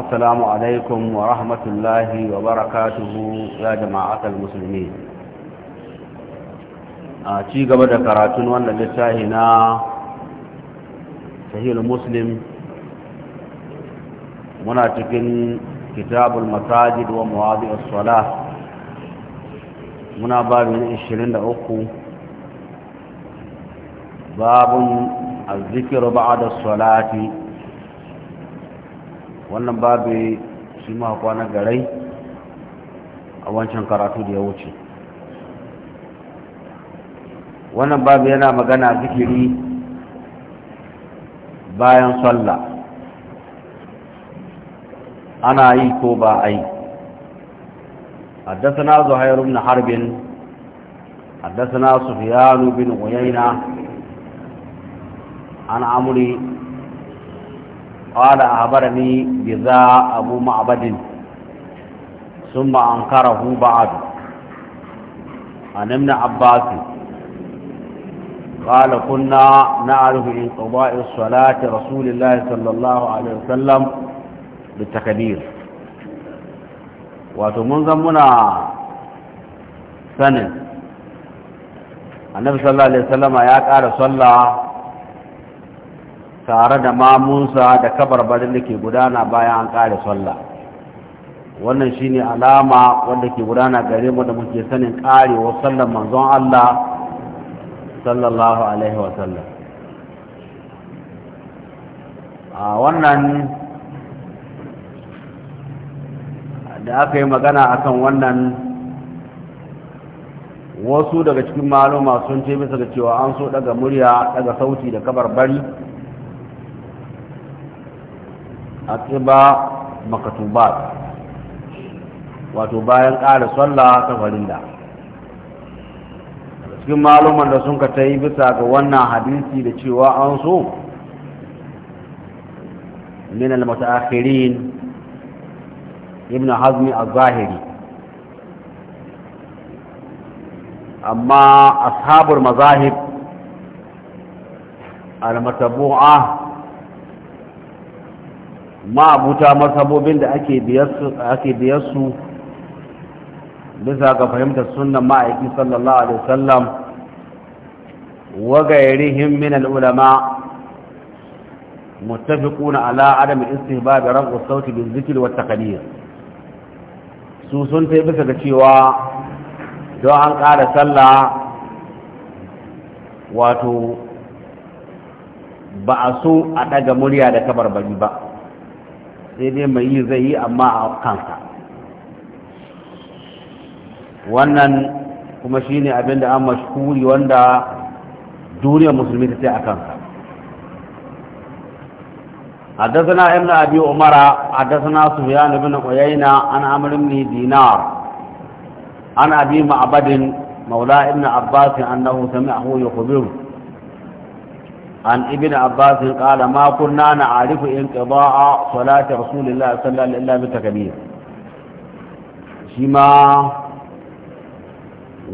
السلام عليكم ورحمة الله وبركاته يا جماعة المسلمين ci gaba da karatun wannan littafi na sahihul muslim muna cikin kitabul masajid wa mawadi'us salah muna babin 23 babun azzikiru ba'da salati wannan babu shi ma kwana garai a wancan karatu da ya wuce wannan babu yana magana zikiri bayan sallah ana yi ko ba a yi حدثنا زهير بن حرب حدثنا سفيان bin عيينة an amuri قال أخبرني بذا أبو معبد ثم أنكره بعد عن ابن عباس قال كنا نعرف انقضاء الصلاة رسول الله صلى الله عليه وسلم بالتكبير وتمنظم منا سنة النبي صلى الله عليه وسلم يا قال صلى tare da mamunsa da kabarbarin da ke gudana bayan an ƙare sallah wannan shine alama wanda ke gudana gare mu da muke sanin ƙarewar sallar manzon Allah sallallahu alaihi wa sallam a wannan da aka yi magana akan wannan wasu daga cikin maluma sun ce bisa da cewa an so daga murya daga sauti da kabarbari bari atiba makatubat wato bayan ƙara sallah ta farinda cikin maluman da sun ka ta yi bisa ga wannan hadisi da cewa an so min al-mutaakhirin ibn hazmi a zahiri amma ashabar mazahib al bu'a. ma'abuta masabobin da ake biyarsu bisa ga fahimtar sunan ma'aiki sallallahu alaihi wasallam وغيرهم من العلماء متفقون على عدم استهباب رفع الصوت بالذكر والتقدير سوسن في بسك cewa don an ƙara sallah wato ba a so a ɗaga murya da kabarbari ba sai mai yi zai yi amma a kansa wannan kuma shi ne abin da an mashkuri wanda duniyar musulmi ta ce a kansa haddasana ibn abi umara haddasana su ya nabi na ƙwayayna an amurin ne dinar an abi ma'abadin maula ibn abbasin annahu sami ahu ya kubiru عن ابن عباس قال ما كنا نعرف انقضاء صلاة رسول الله صلى الله عليه وسلم بالتكبير شما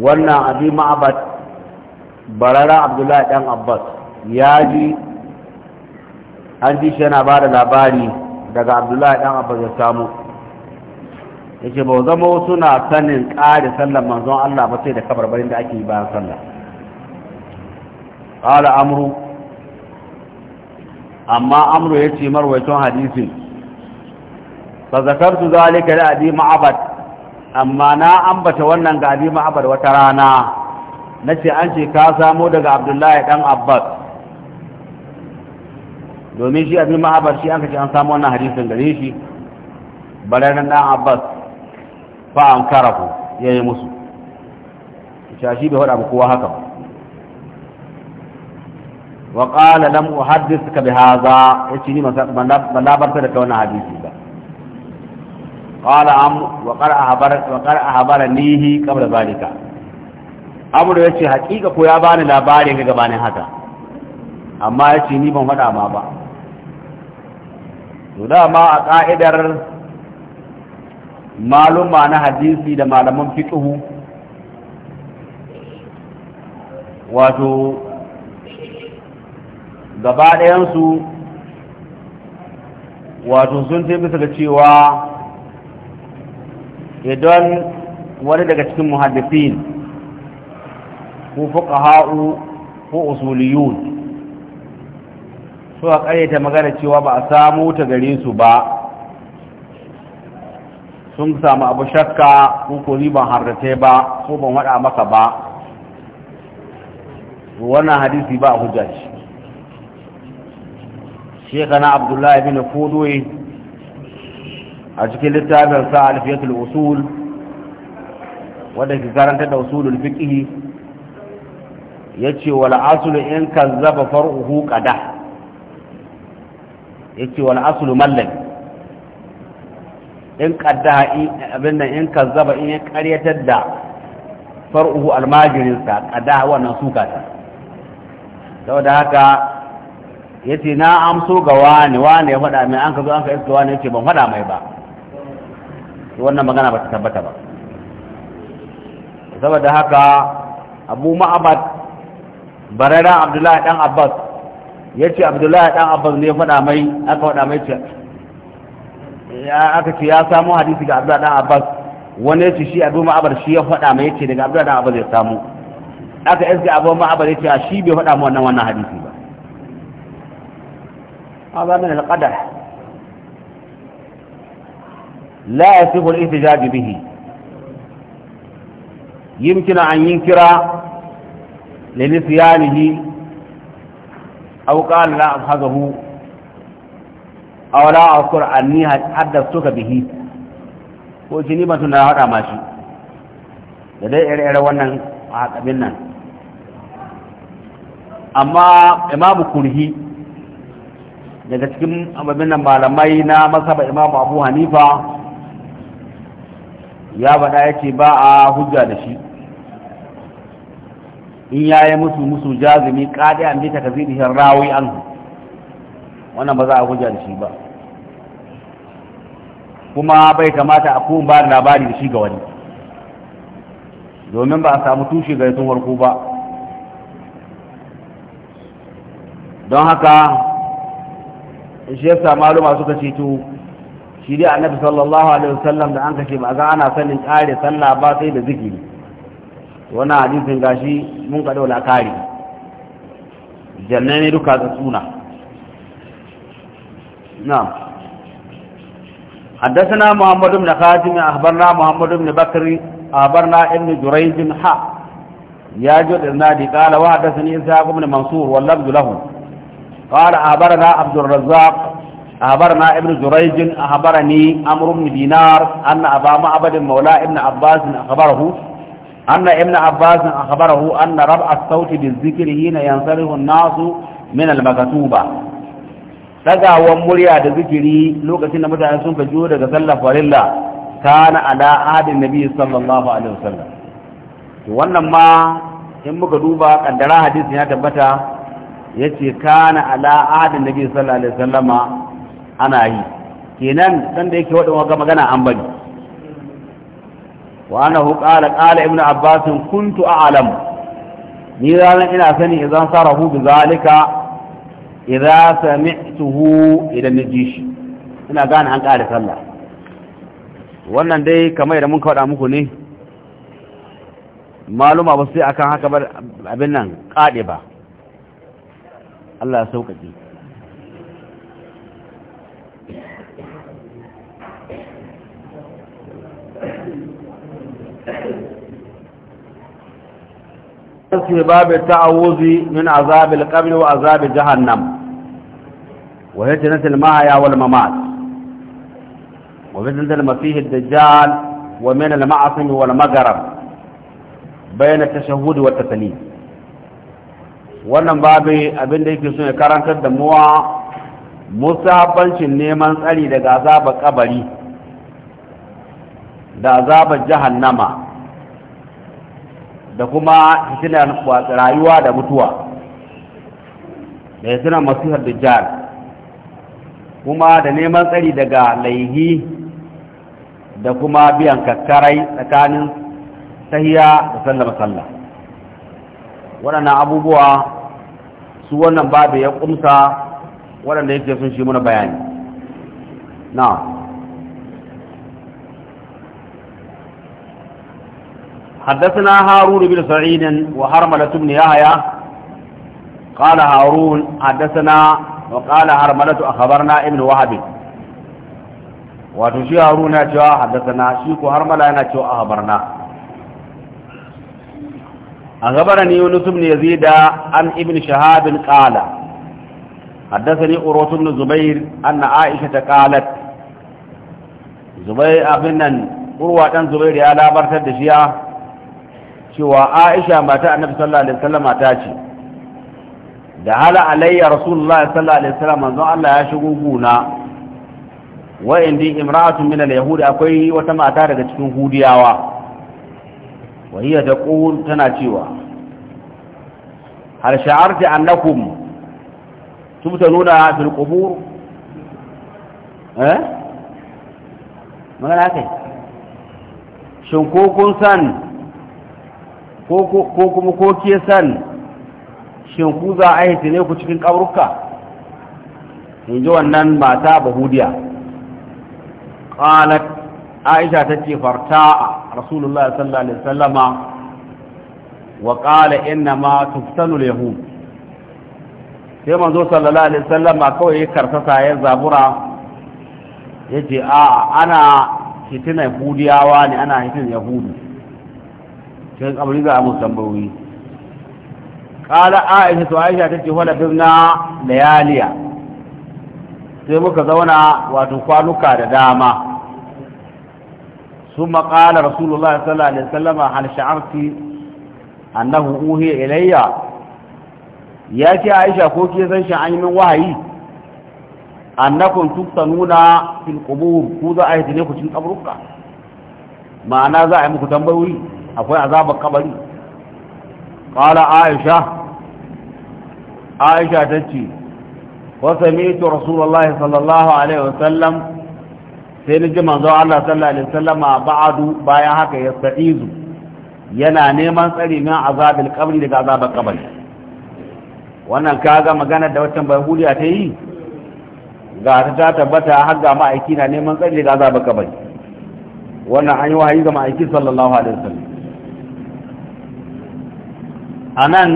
وانا ابي معبد بررا عبد الله بن عباس ياجي عندي شنا بعد labari daga Abdullahi dan Abbas ya samu yace ba zama suna sanin ƙari sallar manzon Allah ba sai da kabarbarin da ake yi bayan sallah qala amru amma amru ya ce marwaiton hadisin fa zakartu zalika da abi ma'abad amma na ambata wannan ga abi ma'abad wata rana na ce an ce ka samo daga abdullahi dan abbas domin shi abi ma'abad shi an ce an samu wannan hadisin gare shi bararren dan abbas fa an karafu yi musu shi bai hada kowa haka ba wa qala lam uhaddithuka bi hadha yace ni balabarta da wannan hadisi ba qala am wa qara habar wa qara habaranihi qabla zalika amru yace hakika ko ya bani labarin ga bani haka amma yace ni ban faɗa ma ba to ma a ka'idar maluma na hadisi da malaman fiqhu wato gaba ɗayansu wato sun ce bisa da cewa idan wani daga cikin muhaddisin ko fuqaha'u ko usuliyun suka ta magana cewa ba a samu ta gare su ba sun samu abu shakka ko kori ban harrace ba ko ban wada maka ba wannan hadisi ba a hujja shi na abdullahi bin fudoyi a cikin littafin sa alfiyatul usul wadda ke karanta da Usulun usulul ya ce wa la'asulu in kan kazzaba far'uhu ya ce wa la'asulu mallan in qadda abin nan in zaba in ya karyatar da far'uhu almajirin sa qada wannan suka ta saboda haka Ya ce na amso ga wani wani ya faɗa mai an ka zo an ka iska wani ya ce ban faɗa mai ba wannan magana ba ta tabbata ba saboda haka abu ma'abat barara abdullahi dan abbas ce abdullahi dan abbas ne ya faɗa mai aka faɗa mai ce aka ce ya samu hadisi ga abdullahi dan abbas wani ya ce shi abu ma'abar shi ya faɗa mai ce daga abdullahi dan abbas ya samu aka iska abu ce a shi bai faɗa mu wannan wannan hadisi هذا من القدح لا يصف الاحتجاج به يمكن أن ينكر لنسيانه أو قال لا أصحبه أو لا أذكر أني حدثتك به ko jini mutum هذا haɗa mashi da dai ire-ire wannan a haɗabin nan daga cikin abin malamai na masaba imamu abu hanifa ya bada ya ba a hujja da shi in ya yi musu musu jazumi kaɗe an bi takazirihin rawi an wannan ba za a hujja da shi ba kuma bai kamata a kuma ba labari da shi ga wani domin ba a samu tushe ga yasun farko ba don haka shi yasa maluma suka ce to shi dai annabi sallallahu alaihi wasallam da an kace ba ga ana sanin kare sallah ba sai da zikiri wani hadisin gashi mun ka daula kare jannan ne duka da suna na'am حدثنا محمد بن خاتم أخبرنا محمد بن بكر أخبرنا ابن جريج حا ياجد النادي قال وحدثني إسحاق بن منصور واللفظ له قال أخبرنا عبد الرزاق أخبرنا ابن جريج أخبرني عمرو بن دينار أن أبا معبد مولى ابن عباس أخبره أن ابن عباس أخبره أن رفع الصوت بالذكر حين ينصرف الناس من المكتوبة tagawan murya da zikiri lokacin da mutane sun fajo daga sallar farilla kana ala adin nabi sallallahu wannan ma in muka duba kaddara hadisi ya tabbata yace kana ala da nabi sallallahu alaihi wasallama ana yi kenan dan yake wadawa waga magana an bari wa annahu qala qala ibnu abbas kuntu a'lam ni ranan ina sani idan sarahu bi zalika idza sami'tuhu idan shi ina gane an ƙara sallah wannan dai kamar da mun kaɗa muku ne maluma ba sai akan haka abin nan ƙaɗe ba الله ya sauƙaƙe في باب التعوذ من عذاب القبر وعذاب جهنم وفتنة المايا والممات وفتنة المسيح الدجال ومن المعصم والمقرب بين التشهد والتسليم wannan babu abin da yake so ya karantar da muwa musabancin neman tsari daga azabar kabari da azabar jahannama da kuma hitinar rayuwa da mutuwa da hitinar masihar dajjal kuma da neman tsari daga laihi da kuma biyan kakkarai tsakanin sahiya da sallama sallah waɗannan abubuwa su wannan babu ya kumsa waɗanda yake sun shi muna bayani na حدثنا هارون بن سعيد وهرملة بن يحيى قال هارون حدثنا وقال هرملة أخبرنا ابن وهب وتشي هارون جاء حدثنا شيخ هرملة أنا جاء أخبرنا أخبرني يونس بن يزيد عن ابن شهاب قال حدثني أروت بن زبير أن عائشة قالت زبير أبنا أروة زبير يا لا برتد شيا شوى عائشة ما تأى النبي صلى الله عليه وسلم أتاشي دعال علي رسول الله صلى الله عليه وسلم أنزو الله يشغوبونا وإن دي امرأة من اليهود أكوي وتم أتارك تكون هودياوا وهي تقول تناتيوا هل شعرت أنكم تبتلون في القبور ها ما لكن شنكوكم سن كوكم كوكي سن shinku za a haiti ne ku cikin ƙabrukka in ji wannan mata bahudiya ƙalat aisha ta ce farta'a rasulullah sallallahu alaihi wasallama wa qala innama tuftanu al-yahud sai manzo sallallahu alaihi wasallama kawai karfasa ya zabura yace a ana hitina yahudiyawa ne ana hitin yahudu sai kabari za a musu tambayoyi qala aisha to aisha tace wala bibna layaliya sai muka zauna wato kwanuka da dama ثم قال رسول الله صلى الله عليه وسلم هل شعرت أنه أوهي إلي ياتي عائشة كوكي زنش عن من وهي أنكم تبتنون في القبور كوزا أهد ليكو تلك أبرك معنى ذا عمك تنبوي أفوي عذاب القبري قال عائشة عائشة تتي وسمعت رسول الله صلى الله عليه وسلم sai na ji manzo Allah sallallahu alaihi wasallam ba'adu bayan haka ya yasta'izu yana neman tsari min azabil qabri daga azabar qabri wannan kaga magana da wata bahuliya ta yi ga ta ta tabbata har ga ma'aiki na neman tsari daga azabar qabri wannan an yi wahayi ga ma'aiki sallallahu alaihi wasallam anan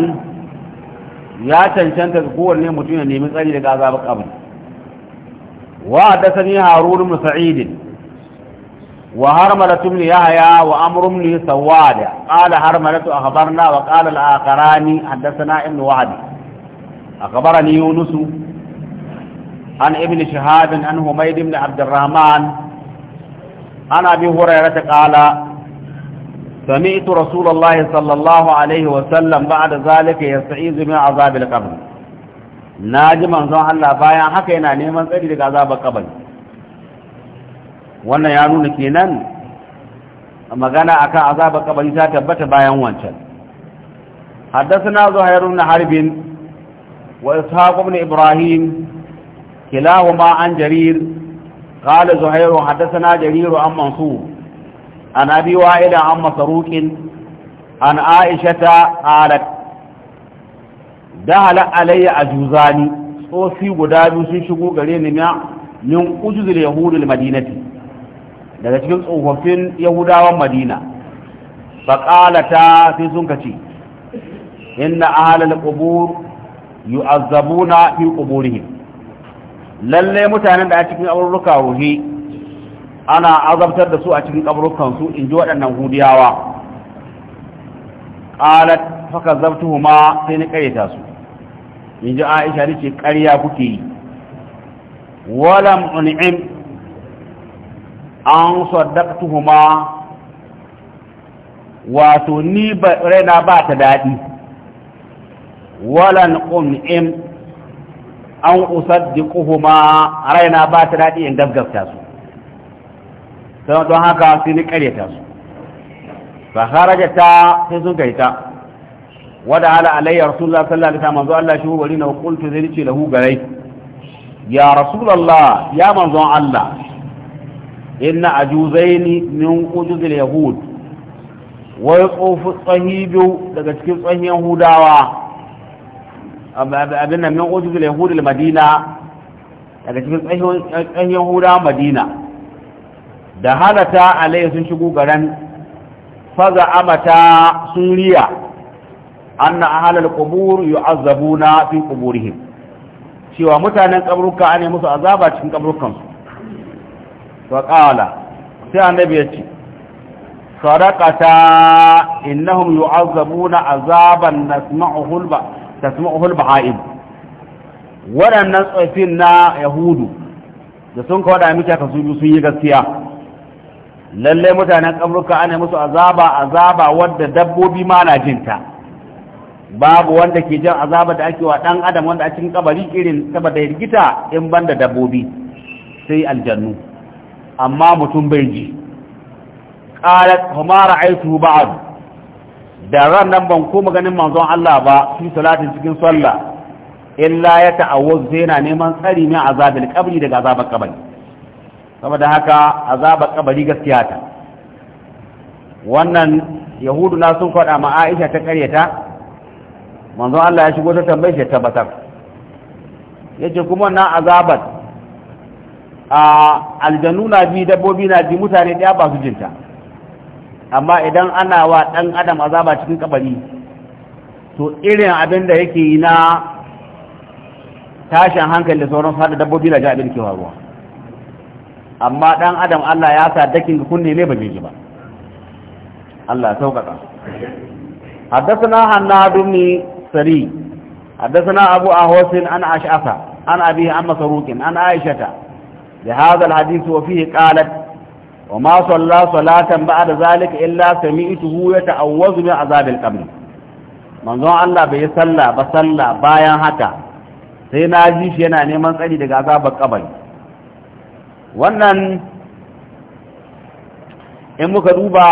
ya cancanta kowanne mutum ya nemi tsari daga azabar qabri وحدثني هارون بن سعيد وهرملة بن يحيى وأمر بن سواد قال هرملة أخبرنا وقال الآخران حدثنا ابن وعد أخبرني يونس عن ابن شهاب عن حميد بن عبد الرحمن عن أبي هريرة قال سمعت رسول الله صلى الله عليه وسلم بعد ذلك يستعيذ من عذاب القبر na ji manzon Allah bayan haka yana neman tsari daga azabar kabari wannan ya nuna kenan magana akan azabar kabari ta tabbata bayan wancan haddasa na harbin wa ishaqu ibn ibrahim kilahuma an jarir qala zuhairu haddasa na jariru amansu, an abi wa'ila an masruqin an aisha qalat dahala alayya Juzani, tsofi guda biyu sun shigo gare ni na min ujuzul yahudul madinati daga cikin tsofaffin yahudawan madina ta sai sun kace inna ahlal qubur yu'azzabuna fi quburihim lalle mutanen da a cikin kaburruka ruhi ana azabtar da su a cikin kaburrukan su ji waɗannan hudiyawa qalat ma sai ni ƙayyata su in ji aisha da ce ƙarya kuke yi walam un'im an saddaqtuhuma wato ni ba raina ba ta daɗi walan un'im an usaddiquhuma raina ba ta daɗi in gaggafta su don haka sai ni ƙaryata su fa harajata sai sun kaita wada ala alayya rasulullah sallallahu alaihi wasallam Allah shi wuri na qultu zai ce lahu garai ya rasulullah ya manzon Allah inna ajuzaini min ujuzil yahud wa yatufu sahibu daga cikin tsahin yahudawa abin nan min ujuzil yahud al madina daga cikin tsahin yahudawa madina da halata alayya sun shigo garan faza amata sun riya anna ahlal qubur yu'azzabuna fi quburihim cewa mutanen kabruka ane musu azaba cikin kabrukan su fa qala sai annabi ya ce sadaqata innahum yu'azzabuna azaban nasma'uhu al-ba tasma'uhu al-baha'im waɗannan tsofin na yahudu da sun kawada miki aka su sun yi gaskiya lalle mutanen kabruka ane musu azaba azaba wadda dabbobi ma na jinta babu wanda ke jan azaba da ake wa dan adam wanda a cikin kabari irin saboda rigita in banda dabbobi sai aljannu amma mutum bai ji qala kuma ra'aytu ba'd da ran nan ban koma ganin manzon Allah ba fi salatin cikin sallah illa ya ta'awwaz zaina neman tsari min azabil qabri daga azabar kabari saboda haka azabar kabari gaskiya ta wannan yahudu na sun faɗa ma Aisha ta karyata manzo Allah ya shigo ta tambaye shi tabbatar yace kuma na azabat a na bi dabbobi na bi mutane daya ba su jinta amma idan ana wa dan adam azaba cikin kabari to irin abin da yake yi na tashin hankali da sauran fada dabbobi na ji abin ke faruwa amma dan adam Allah ya sa dakin kunne ne ba ji ba Allah ya sauƙaƙa حدثنا حناد بن السري حدثنا أبو أهوس عن أشعث عن أبيه عن مسروق عن عائشة لهذا الحديث وفيه قالت وما صلى صلاة بعد ذلك إلا سمعته يتعوذ من عذاب القبر manzon Allah bai sallah ba salla bayan haka sai na ji shi yana neman tsari daga azabar kabari wannan in muka duba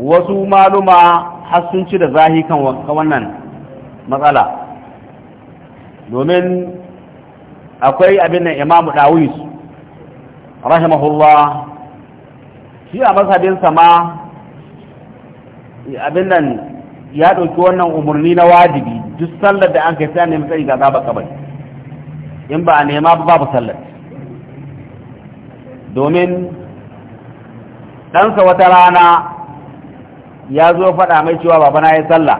wasu maluma har sun ci da zahi kan wannan matsala domin akwai abin nan imamu dawis rahimahullah shi a masabinsa ma abin nan ya ɗauki wannan umarni na wajibi duk sallar da an kai sai nemi ga zaba kabari in ba a nema ba babu sallar domin ɗansa wata rana ya zo faɗa mai cewa babana ya sallah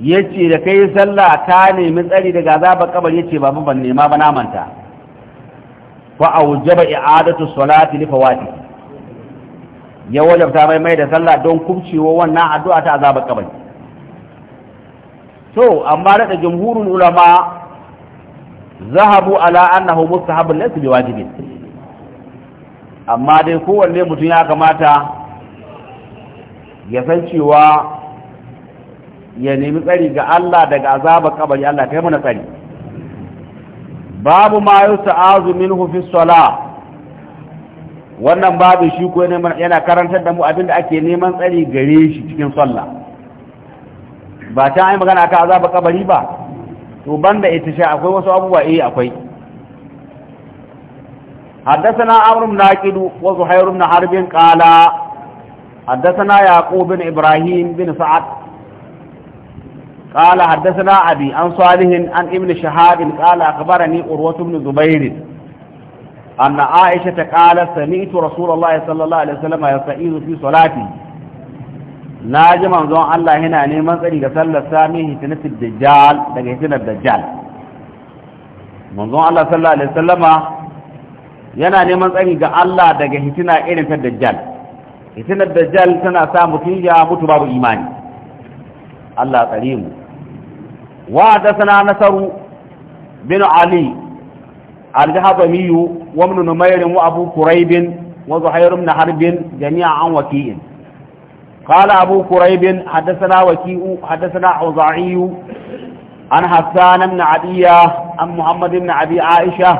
ya ce da kai sallah ta nemi tsari daga azabar kabar ya ce babu ban nema ba namanta fa ba i'adatu salati li fawati ya wajabta mai mai da sallah don kubcewa wannan addu'a ta azabar kabar to amma da jumhurul ulama zahabu ala annahu mustahabun laysa biwajibin amma dai kowanne mutum ya kamata ya san cewa ya nemi tsari ga Allah daga azabar kabari Allah ta yi mana tsari babu ma yusta'azu azumin fi sola. wannan babu shi ko yana karantar da mu abinda ake neman tsari gare shi cikin sola ba ta yi magana ta azabar kabari ba to banda ita sha akwai wasu abubuwa eh akwai حدثنا عمرو بن ناقد وزهير بن حرب قال حدثنا يعقوب بن إبراهيم بن سعد قال حدثنا أبي عن صالح عن ابن شهاب قال أخبرني أروة بن زبير أن عائشة قالت سمعت رسول الله صلى الله عليه وسلم يستعيذ في صلاته ناجم أنزون الله هنا نيمان قريقة صلى السامي هتنة الدجال لقى هتنة الدجال منظون الله صلى الله عليه وسلم yana neman tsari ga Allah daga hitina irin ta dajjal fitinar dajjal tana sa mutum ya mutu babu imani Allah tsare mu wa dasana nasaru bin ali al-jahabami wa ibn numayr wa abu quraib wa zuhair ibn harb jami'an waki'in قال أبو كريب حدثنا وكيء حدثنا عزاعي an حسان بن عدية an محمد بن abi Aisha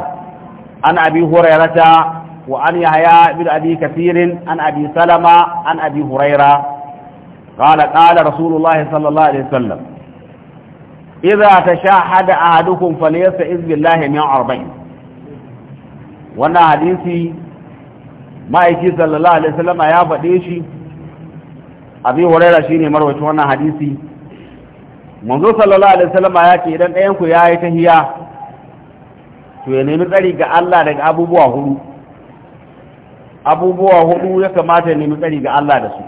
an abi هريرة وعن يحيى بن أبي كثير عن أبي سلمة عن أبي هريرة قال قال رسول الله صلى الله عليه وسلم إذا تشاهد أحدكم فليستعذ بالله من أربعين وانا حديثي ما يكي صلى الله عليه وسلم يا فديشي أبي هريرة شيني مروة وانا حديثي منذ صلى الله عليه وسلم يا كي إذن أينكو يا يتهيا to ya nemi tsari ga Allah daga abubuwa hudu abubuwa hudu ya kamata nemi tsari ga Allah da su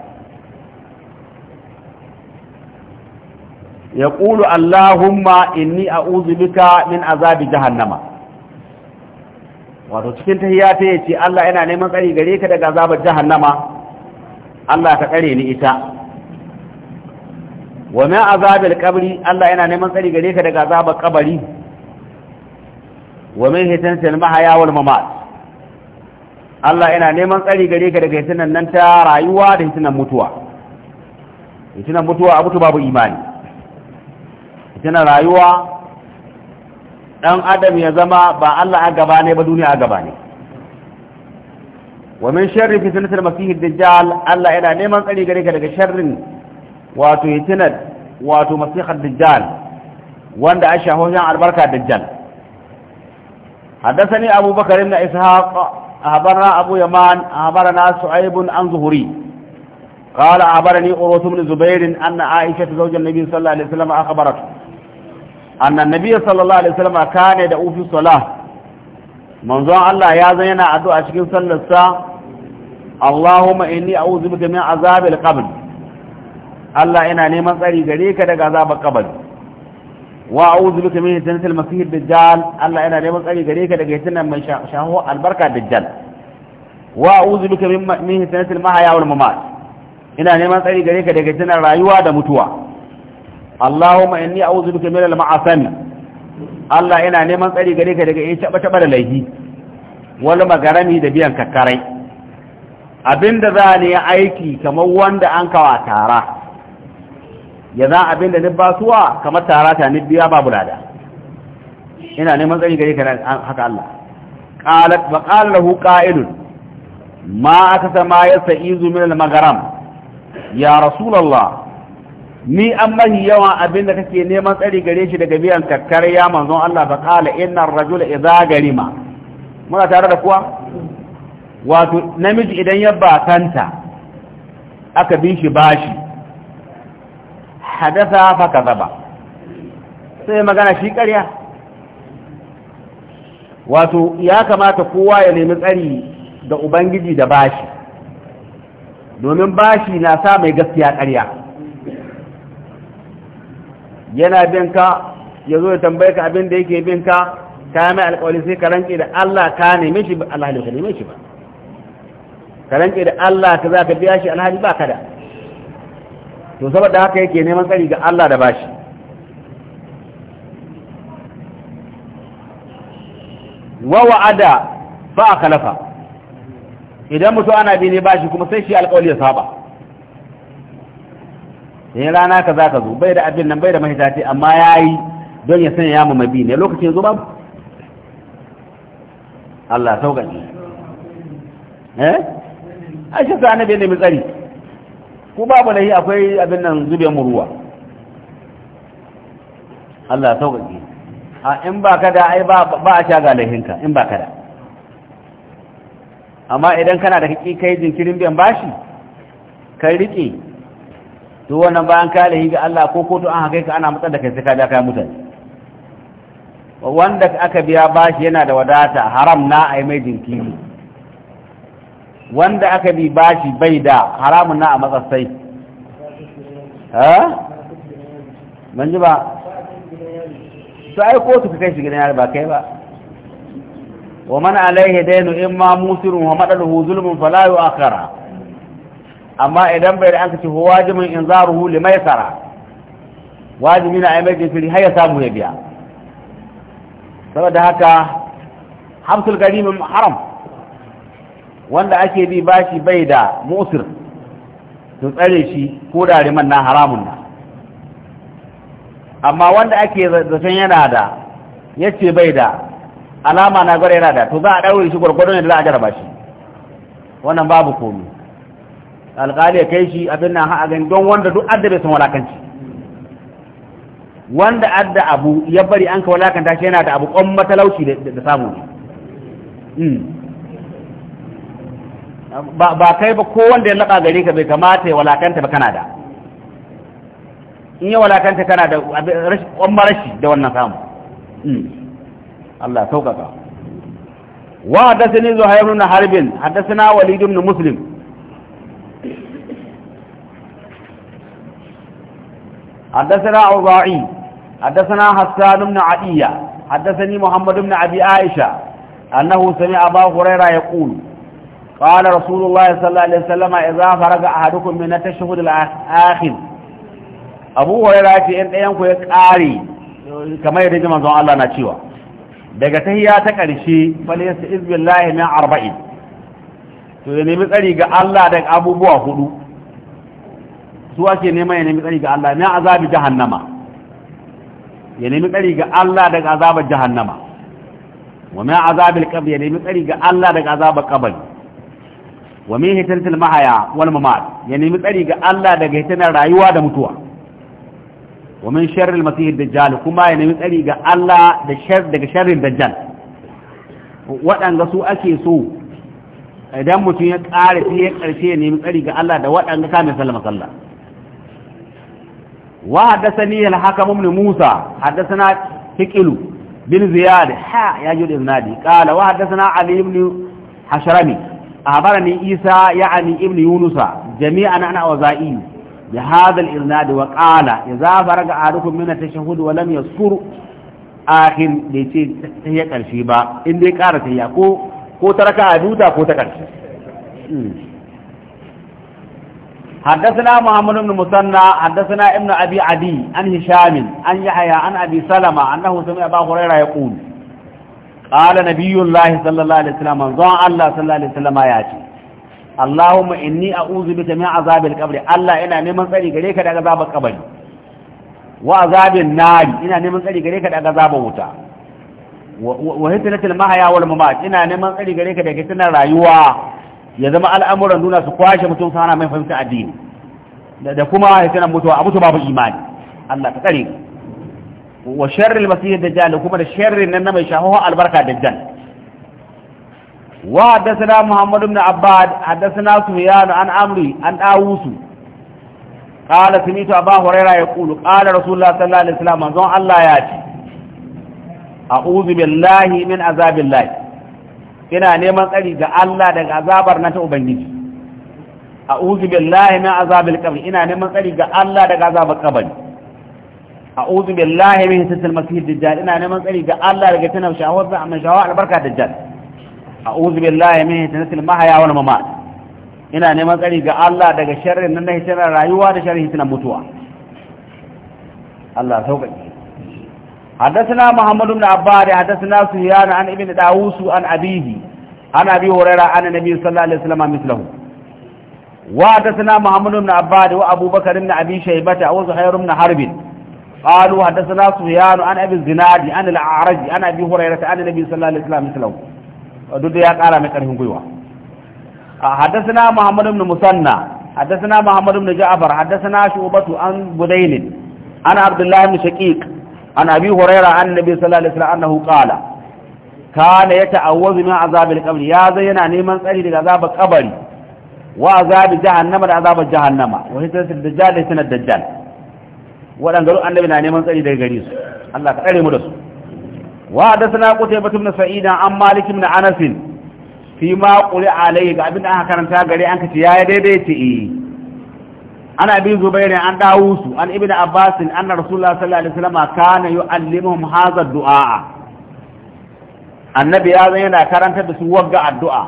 ya ƙulu Allahumma inni a bika min azabi jahannama wato cikin tahiyya ta yi ce Allah yana neman tsari gare ka daga azabar jahannama Allah ta tsare ni ita wa min azabil qabri Allah yana neman tsari gare ka daga azabar kabari wa min hitansil mahaya wal mamat Allah yana neman tsari gare ka daga hitunan nan ta rayuwa da hitunan mutuwa hitunan mutuwa abu babu imani hitunan rayuwa dan adam ya zama ba Allah a gaba ne ba duniya a gaba ne wa min sharri fitnatil masih dajjal Allah yana neman tsari gare ka daga sharrin wato hitunan wato masih dajjal wanda a shahohin albarka dajjal حدثني أبو بكر بن إسحاق أخبرنا أبو يمان أخبرنا سعيب عن ظهري قال أخبرني أروس بن زبير أن عائشة زوج النبي صلى الله عليه وسلم أخبرته أن النبي صلى الله عليه وسلم كان يدعو في الصلاة منذ الله يا زينا أدعو أشكي صلى الساعة اللهم إني أعوذ بك من عذاب القبر الله إنا نيمان سألي قريك دك عذاب القبر wa a'udhu bika min al-masih masiih dajjal Allah yana neman tsari gare ka daga fitnan mai shaho albarka dajjal wa a'udhu bika min al mahya wal mamat ina neman tsari gare ka daga fitnan rayuwa da mutuwa Allahumma inni a'udhu bika min al ma'asami Allah yana neman tsari gare ka daga yin taba taba da laifi wal magarami da biyan kakkarai abinda za aiki kamar wanda an kawa tara ya za abin da ni ba basuwa kamar tarata ni biya babu lada ina neman tsari gare ka haka Allah qalat wa qala lahu qa'ilun ma akasa ma yasaizu min al-magaram ya rasulullah ni an mahi yawa abin da kake neman tsari gare shi daga biyan kakkar ya manzon Allah fa qala inna ar-rajula idza garima muna tare da kuwa wato namiji idan ya batanta aka bin shi bashi hadasa faka zaba sai magana shi ƙarya wato ya kamata kowa ya nemi tsari da ubangiji da bashi domin bashi na sa mai gaskiya ƙarya yana binka ya zo ya tambaye ka abin da yake binka ka mai alƙawari sai ka ranke da Allah ka neme shi ba Allah ka neme shi ba ka ranke da Allah ka za ka biya shi alhali ba ka da to saboda haka yake neman tsari ga Allah da bashi wa wa'ada fa kalafa idan mutu ana bi ne bashi kuma sai shi alƙawari ya saba ne rana ka za ka zo bai da abin nan bai da mahitaci amma ya yi don ya sanya yamu mabi ne lokacin zo babu Allah sauƙaƙi eh aisha ta annabi ne mai tsari ko babu lahi akwai abin nan zube mu ruwa Allah sauƙaƙe a in ba ka da ai ba a sha ga in ba ka da amma idan kana da haƙi kai jinkirin biyan bashi kai riƙe to wannan bayan ka lahi ga Allah ko kotu an haka ka ana matsar da kai sai ka da kai mutane wanda aka biya bashi yana da wadata haram na a yi mai jinkiri wanda aka bi bashi bai da haramun na a matsatsai ban ji ba su ai su fi kai shi gidan yari ba kai ba wa mana alaihe dainu in ma musulun wa madaluhu zulmun a kara. amma idan bai da an kaci huwa wajibin in limai limaisara wajibi na ai mai jifiri har ya samu ya biya saboda haka hamsul garimin haram wanda ake bi bashi bai da musir to tsare shi ko da riman na haramun na amma wanda ake zaton yana da yace bai da alama na gwada yana da to za a ɗaure shi gwargwadon da za a jaraba shi wannan babu komi alƙali ya kai shi abin na ha'a gani don wanda duk adda bai san walakanci wanda adda abu ya bari an ka walakanta shi yana da abu ƙwan matalauci da samu ne hmm. ba kai ba ko wanda ya laka gare ka bai kamata ya walakanta ba kana da in ya walakanta kana da ƙwamma rashi da wannan samu hmm. Allah sauƙaƙa wa haddasa haddasani zuhair na harbin na walid na muslim haddasa na حدثنا nuna بن haddasa ni muhammadu na abi aisha annahu سمع أبا هريرة يقول قال رسول الله صلى الله عليه وسلم إذا فرق أحدكم من التشهد الآخر أبو هريرة إن ينكو يقاري كما يريد من ذو الله نتشوى daga tahiyya ta ƙarshe falyasti'iz billahi min arba'in to ya nemi tsari ga Allah daga abubuwa hudu su ake neman ya nemi tsari ga Allah na azabi jahannama ya nemi tsari ga Allah daga azabar jahannama wa min azabil qabr ya nemi tsari ga Allah daga azabar qabr wa min hitanatil mahaya wal mamat ya nemi tsari ga Allah daga hitanar rayuwa da mutuwa wa min sharril masihid dajjal kuma ya nemi tsari ga Allah da shar daga sharrin dajjal waɗanga su ake so idan mutum ya ƙare sai ya ƙarshe ya nemi tsari ga Allah da waɗanga kamin sallama sallah wa haddathani al-hakim ibn Musa haddathana Hiqilu bin Ziyad ha ya jude ibn Nadi qala wa haddathana Ali ibn Hashrami أخبرني إيسى يعني ابن يونس جميعا أنا أوزائي بهذا الإرناد وقال إذا فرق أحدكم من التشهد ولم يذكر آخر ليتي هي كرشي با إن دي قارت هي كو كو ترك أدودا كو تكرشي حدثنا محمد بن مسنى حدثنا ابن أبي عدي عن هشام عن يحيى عن أبي سلمة أنه سمع أبا هريرة يقول qala nabiyullahi sallallahu alaihi wasallam manzo Allah sallallahu alaihi wasallam ya ce Allahumma inni a'udhu bika min azabil qabr Allah ina neman tsari gare ka daga azabar kabari wa azabin nari ina neman tsari gare ka daga wuta wa hitnatil mahaya wal mamat ina neman tsari gare ka daga rayuwa ya zama al'amuran duna su kwashe mutum sana mai fahimta addini da kuma hitnar mutuwa a mutu babu imani Allah ta tsare ka wa sharril masih dajjal kuma da sharrin nan na mai shaho albarka dajjal wa hadathana muhammad ibn abbad hadathana sufyan an amri an dawus qala sami'tu aba hurairah yaqulu qala rasulullah sallallahu alaihi wasallam zan Allah ya ce a'udhu billahi min azabillah ina neman tsari ga Allah daga azabar nan ta ubangiji a'udhu billahi min azabil qabr ina neman tsari ga Allah daga azabar kabari a'udhu billahi min fitnatil masiihid dajjal ina neman tsari ga Allah daga tana shawar da amma shawar albarka dajjal a'udhu billahi min fitnatil mahya wal mamat ina neman tsari ga Allah daga sharrin nan na hitinar rayuwa da sharrin hitinar mutuwa Allah sauƙaƙe حدثنا محمد بن عباد حدثنا سفيان عن ابن داووس عن أبيه عن أبي هريرة عن النبي صلى الله عليه وسلم مثله وحدثنا محمد بن عباد وأبو بكر بن أبي شيبة وزهير بن حرب قالوا حدثنا سفيان عن ابي الزناد عن الاعرج عن ابي هريره عن النبي صلى الله عليه وسلم مثله دود يا قال ما كان غيوا حدثنا محمد بن مسنى حدثنا محمد بن جعفر حدثنا شعبة عن بدين عن عبد الله بن شقيق عن ابي هريره عن النبي صلى الله عليه وسلم انه قال كان يتعوذ من عذاب القبر يا زينا نيمان تسري daga عذاب القبر وعذاب جهنم da azabar jahannama wa hisatul dajjal da sanar dajjal waɗanda annabi na neman tsari daga gare su Allah ka ɗare mu da su wa hadathana qutaybah ibn Sa'ida an malikin ibn anas fi ma quli alayhi ga abin da aka karanta gare an kaci. kace yaya daidai ce eh ana bin zubairi an dawo su an ibn abbas anna rasulullah sallallahu alaihi wasallam kana yu'allimuhum hadha du'a annabi ya zan yana karantar da su wagga addu'a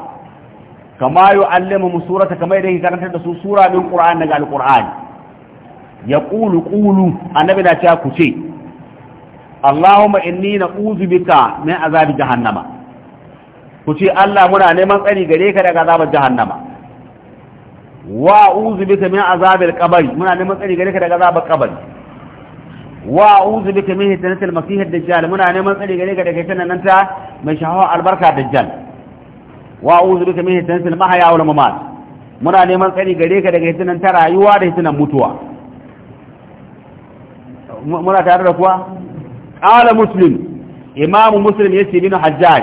kama yu'allimuhum surata kama idan karantar da su sura min qur'an daga Alƙur'ani. ya ƙulu ƙulu annabi na cewa ku ce Allahumma inni na uzu bika min azabi jahannama ku ce Allah muna neman tsari gare ka daga azabar jahannama wa uzu bika min azabil qabri muna neman tsari gare ka daga azabar qabri wa uzu bika min hitnatil masih dajjal muna neman tsari gare ka daga hitnan nan ta mai shahawa albarka dajjal wa uzu bika min hitnatil mahya wal mamat muna neman tsari gare ka daga hitnan ta rayuwa da hitnan mutuwa muna tare da kuwa Ƙala muslim imamu muslim yace bin hajjaj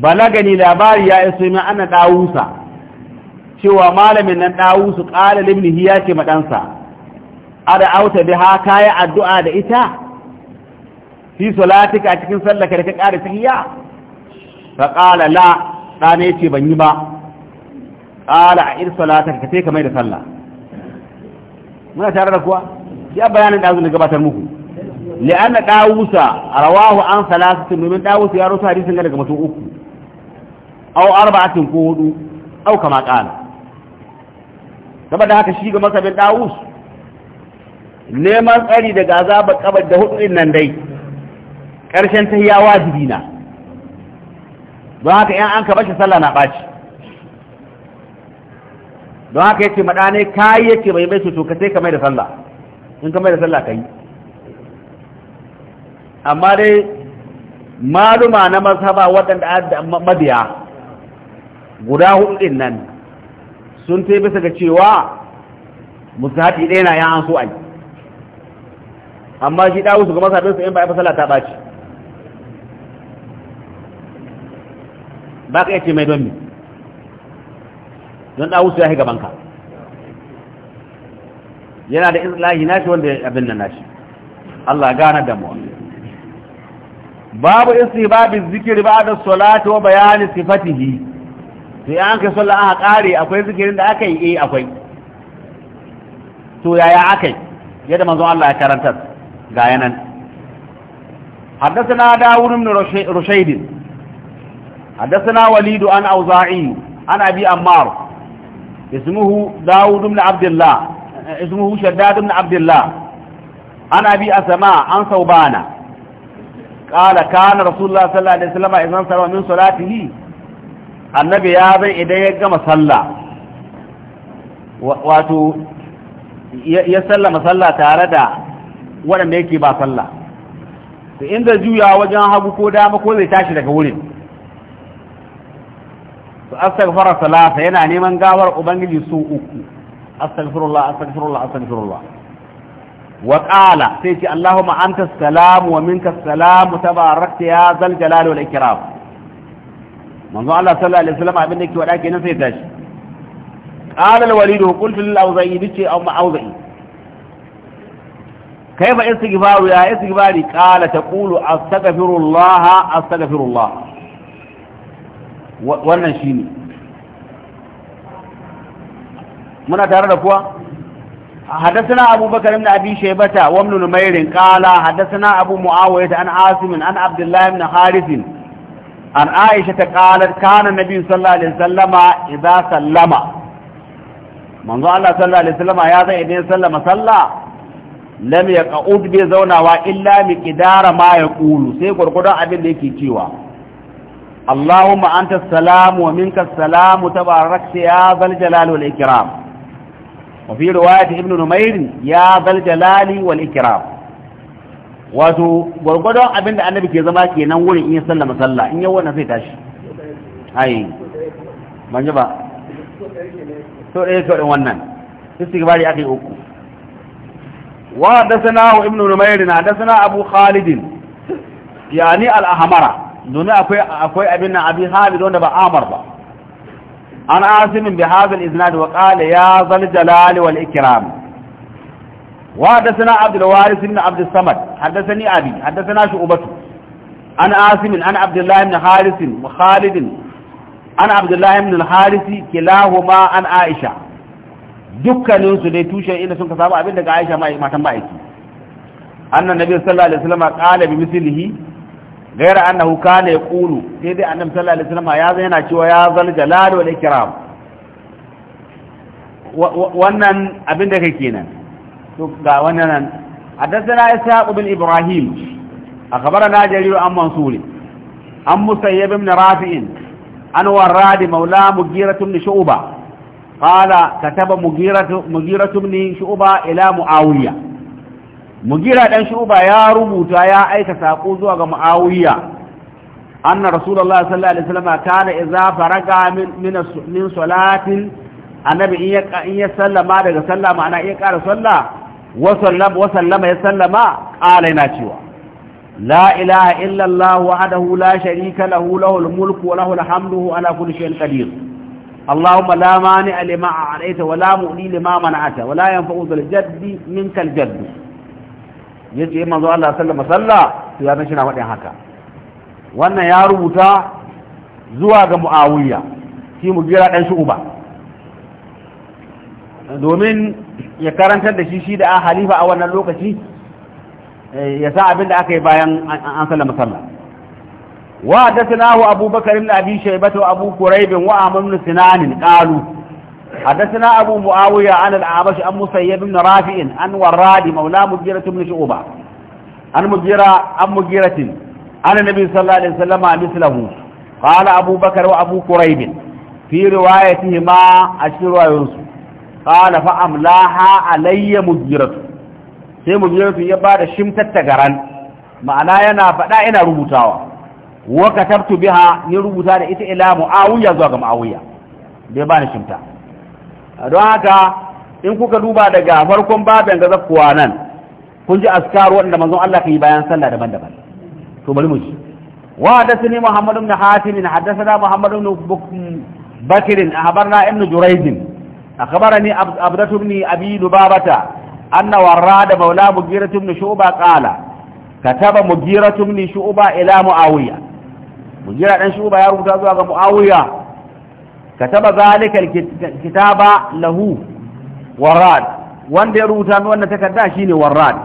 balagani labari ya iso min ana dawusa cewa malamin nan dawusu qala limni hiya ce madansa ada auta ha kai addu'a da ita fi salatika a cikin sallaka da ka ƙara tahiyya fa qala la dane yace ban yi ba qala a ir salataka kai kamar da sallah muna tare da kuwa ya bayanin da azumi gabatar muku li'anna dawusa rawahu an salasatu domin dawusa ya rawaito hadisin daga mutum uku Au arba'atin ko hudu aw kama qala saboda haka shi ga masabin dawus neman tsari daga azabar kabar da hudu nan dai karshen tahiyya wajibi na don haka yan an ka bashi sallah na baci don haka yace madane kai yace bai bai to ka sai ka mai da sallah in ka da sallah ka yi amma dai maluma na mazhaba waɗanda mabiya guda hudu din nan sun ta bisa ga cewa musahabi ɗaya na ya an so ai amma shi dawo su ga su in ba a fa ta ɓaci ba ka yace mai don me don dawo su ya gaban ka yana da islahi nashi wanda abin nan nashi Allah gana Babu mu babu zikiri zikir ba'da salatu wa bayani sifatihi sai an kai sallah aka kare akwai zikirin da aka yi eh akwai to yaya akai yadda manzon Allah ya karantar ga yanan حدثنا داود بن رشيد حدثنا وليد عن أوزاعي عن أبي أمار اسمه داود بن عبد الله ismuhu shaddad ibn abdullah ana bi asma an saubana qala kana rasulullah sallallahu alaihi wasallam idan sarwa min salatihi annabi ya zan idan ya gama sallah wato ya sallama sallah tare da wanda yake ba sallah to inda juya wajen hagu ko dama ko zai tashi daga wurin to astaghfara salata yana neman gawar ubangiji su uku أستغفر الله أستغفر الله أستغفر الله وقال سيتي اللهم أنت السلام ومنك السلام تباركت يا ذا الجلال والإكرام منذ الله صلى الله عليه وسلم أبنك ولكن نسيتش قال الوليد قلت للأوزعي بك أو أوزعي كيف استغفار يا استغفاري قال تقول أستغفر الله أستغفر الله wannan shi muna tare da kuwa حدثنا أبو بكر بن أبي شيبة وابن نمير قال حدثنا أبو معاوية عن عاصم عن عبد الله بن حارث عن عائشة قالت كان النبي صلى الله عليه وسلم إذا سلم منذ الله صلى الله عليه وسلم يا ذا إذن سلم صلى لم يقعد بزونا وإلا مقدار ما يقول سيقول قدر أبن ليكي كيوا اللهم أنت السلام ومنك السلام تبارك يا ذا الجلال والإكرام وفي رواية ابن نمير يا ذا الجلال والإكرام wato gwargwadon abin da annabi ke zama ke nan wurin in ya sallama sallah in yawan sai tashi ai ban ji ba to ɗaya to ɗin wannan sai gabari aka yi uku wa haddathana ibn numayr na haddathana abu khalid yani al domin akwai akwai abin nan abi hamid wanda ba amar ba an asimin bi hadha al-isnad wa ya ikram وحدثنا عبد الوارث بن عبد الصمد حدثني أبي حدثنا شعبة عن عاصم عن عبد الله بن حارث وخالد عن عبد الله بن الحارث كلاهما عن عائشة dukkanin su dai tushen ina sun ka samu abin daga Aisha ma matan ma'aiki annan nabi sallallahu alaihi wasallam qala bi mislihi gaira annahu kana yaqulu sai dai annabi sallallahu alaihi wasallam ya zai yana cewa ya zal jalal wal ikram wannan abin da kake kenan to ga wannan nan hadathana ishaq bin ibrahim akhbarana jarir an mansur an musayyib ibn rafi'in an warad maula mugira ibn shu'ba qala kataba mugira mugira ibn shu'ba ila muawiya mugira dan shuba ya rubuta ya aika sako zuwa ga muawiya anna rasulullahi sallallahu alaihi wasallam kana idza faraga min min min salatin annabi in ya sallama daga sallah ma'ana iya ƙara sallah wa sallama wa sallama ya sallama qala yana cewa la ilaha illa allah wahdahu la sharika lahu lahul mulku wa lahul hamdu ala kulli shay'in qadir اللهم لا مانع لما أعطيت ولا مؤذي لما منعت ولا ينفع ذا الجد منك الجد ya ce eh, manzo Allah sallama salla to ya shi na faɗin haka wannan ya rubuta zuwa ga mu'awuyya, shi mu gira ɗan uba. domin ya karantar da shi shi da halifa a wannan lokaci eh, ya sa abin da aka yi bayan an sallama salla wa da sinahu abubakar ibn abi shaybah wa abu quraib wa amr ibn sinan qalu حدثنا أبو معاوية عن الأعمش عن مسيب بن رافع عن وراد مولى مجيرة بن شعوبة عن مجيرة عن مجيرة عن النبي صلى الله عليه وسلم مثله قال أبو بكر وأبو كريب في روايتهما أشير يوسف قال فأملاها علي مجيرة sai mujiratu ya bada shimtar tagaran ma'ana yana faɗa ina rubutawa wa katabtu biha ni rubuta da ita ila muawiya zuwa ga muawiya bai bani shimta don haka in kuka duba daga farkon babin ga zakkuwa nan kun ji askaru wanda manzon Allah kan yi bayan sallah daban-daban to bari mu ji wa hadathani muhammad ibn hatim hadathana muhammad ibn bakr akhbarna ibn jurayj akhbarani abdatu ibn abi lubabata anna warada mawla mugirah ibn shu'ba qala kataba mugirah ibn shu'ba ila muawiya mugirah dan shu'ba ya rubuta zuwa ga muawiya kataba zalikal kitaba lahu warad wanda ya rubuta mai wannan takarda shine warad